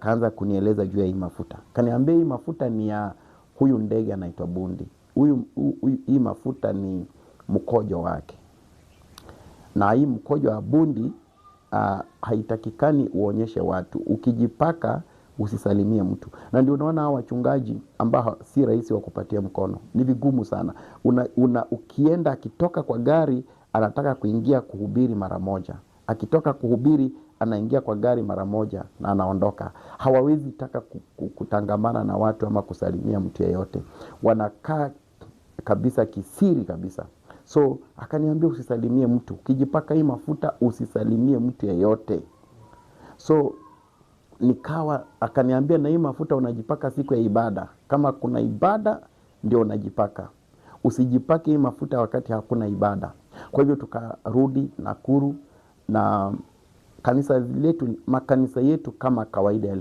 kaanza kunieleza juu ya hii mafuta, kaniambia hii mafuta ni ya huyu ndege anaitwa bundi, huyu hii mafuta ni mkojo wake, na hii mkojo wa bundi uh, haitakikani uonyeshe watu, ukijipaka usisalimie mtu. Na ndio unaona hawa wachungaji ambao si rahisi wa kupatia mkono, ni vigumu sana. Una, una, ukienda akitoka kwa gari anataka kuingia kuhubiri mara moja. Akitoka kuhubiri anaingia kwa gari mara moja na anaondoka. Hawawezi taka kutangamana na watu ama kusalimia mtu yeyote, wanakaa kabisa kisiri kabisa. So akaniambia usisalimie mtu, ukijipaka hii mafuta usisalimie mtu yeyote. So nikawa, akaniambia na hii mafuta unajipaka siku ya ibada, kama kuna ibada ndio unajipaka, usijipake hii mafuta wakati hakuna ibada. Kwa hivyo tukarudi Nakuru na kanisa letu, makanisa yetu kama kawaida yalikuwa